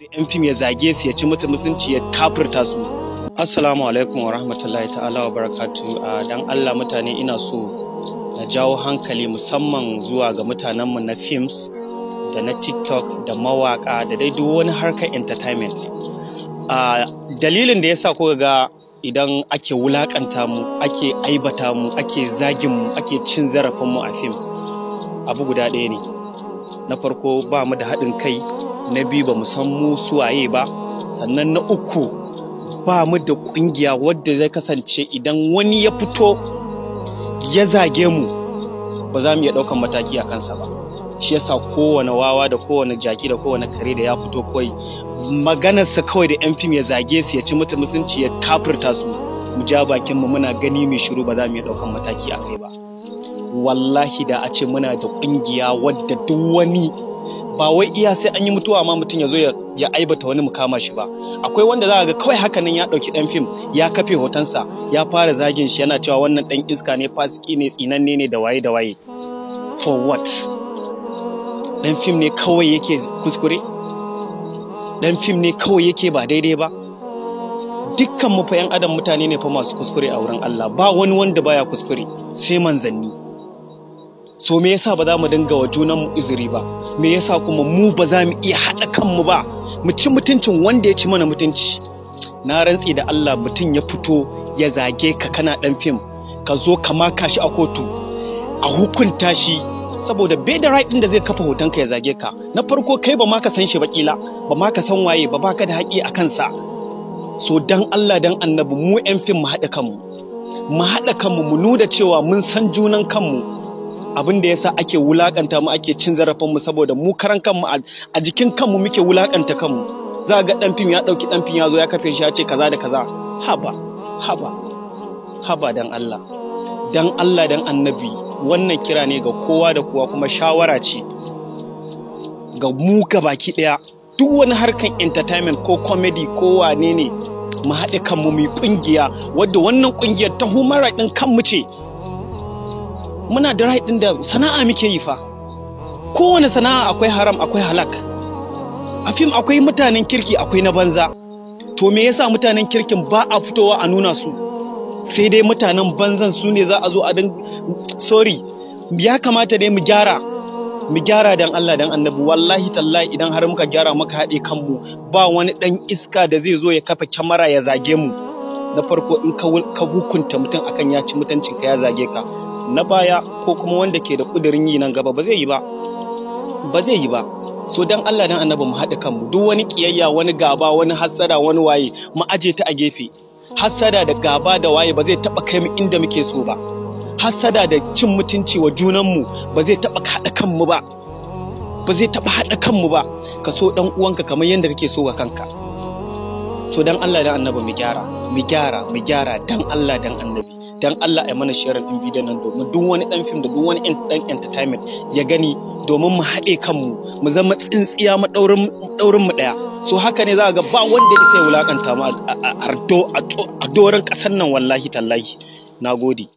da yan fim ya zage su ya ci mutu mutunci ya kafirta su assalamu alaikum wa rahmatullahi ta'ala wa barakatu dan allah mutane ina so na jawo hankali musamman zuwa ga mutanenmu na films da na tiktok da mawaka da dai duk wani harkar entertainment dalilin da ya sa kuka ga idan ake wulakanta mu ake aibata mu ake zagin mu ake cin zarafin mu a films abu guda ɗaya ne na farko ba mu da haɗin kai na biyu ba mu san mu suwaye ba sannan na uku ba mu da kungiya wadda zai kasance idan wani ya fito ya zage mu ba za mu iya ɗaukan mataki a kansa ba shi yasa kowane wawa da kowane jaki da kowane kare da ya fito kawai maganarsa kawai da yan fim ya zage su ya ci mutum mutunci ya kafirta su mu ja bakin mu muna gani mai shiru ba za mu iya ɗaukan mataki a kai ba wallahi da a ce muna da kungiya wadda duk wani ba wai iya sai an yi mutuwa ma mutum ya zo ya aibata wani mukama shi ba akwai wanda za a ga kawai haka nan ya ɗauki ɗan fim ya kafe hotonsa ya fara zagin shi yana cewa wannan ɗan iska ne fasiki ne tsinanne ne da waye da waye for what ɗan fim ne kawai yake kuskure ɗan fim ne kawai yake ba daidai ba dukkan mu fa 'yan adam mutane ne fa masu kuskure a wurin Allah ba wani wanda baya kuskure sai manzanni so me yasa ba za mu dinga wa junan mu iziri ba me yasa kuma mu ba za mu iya haɗa kanmu ba mu ci mutuncin wanda ya ci mana mutunci na rantsi da Allah mutum ya fito ya zage ka kana ɗan fim ka zo ka maka shi a kotu a hukunta shi saboda bai da right da zai kafa hoton ka ya zage ka na farko kai ba ma ka san shi ba kila ba ma ka san waye ba ba da haƙi a kansa so dan Allah dan annabi mu yan fim mu haɗa kanmu mu haɗa kanmu mu nuna cewa mun san junan kanmu abin da yasa ake wulakanta mu ake cin zarafin mu saboda mu karan kanmu a jikin kanmu muke wulakanta kanmu za ga dan fim ya dauki dan fim ya zo ya kafe shi ya ce kaza da kaza haba haba haba dan Allah dan Allah dan annabi wannan kira ne ga kowa da kowa kuma shawara ce ga mu baki daya duk wani harkan entertainment ko comedy ko wane ne mu haɗe kanmu mu yi ƙungiya wadda wannan ƙungiyar ta humara ɗin kanmu ce muna da right din da sana'a muke yi fa kowane sana'a akwai haram akwai halak a fim akwai mutanen kirki akwai na banza to me yasa mutanen kirkin ba a fitowa a nuna su sai dai mutanen banzan su ne za a zo a dan sorry ya kamata dai mu gyara mu gyara dan Allah dan annabi wallahi tallahi idan har muka gyara muka haɗe kanmu ba wani dan iska da zai zo ya kafa kyamara ya zage mu na farko in ka hukunta mutum akan ya ci mutuncinka ya zage ka na baya ko kuma wanda ke da ƙudurin yi nan gaba ba zai yi ba ba zai yi ba so dan Allah dan annabi mu haɗa kanmu duk wani kiyayya wani gaba wani hassada wani waye mu aje ta a gefe hassada da gaba da waye ba zai taɓa kai mu inda muke so ba hassada da cin mutunci wa junanmu ba zai taɓa haɗa kanmu ba ba zai taɓa haɗa kanmu ba ka so ɗan uwanka kamar yadda kake so wa kanka so dan Allah dan annabi mu gyara mu gyara mu gyara dan Allah dan annabi dan Allah ai mana share din bidiyon nan domin duk wani dan film da duk wani dan entertainment ya gani domin mu haɗe kanmu mu zama tsintsiya mu daurin mu daya so haka ne za ga ba wanda ya wulakanta mu a dorin ƙasar nan wallahi tallahi nagode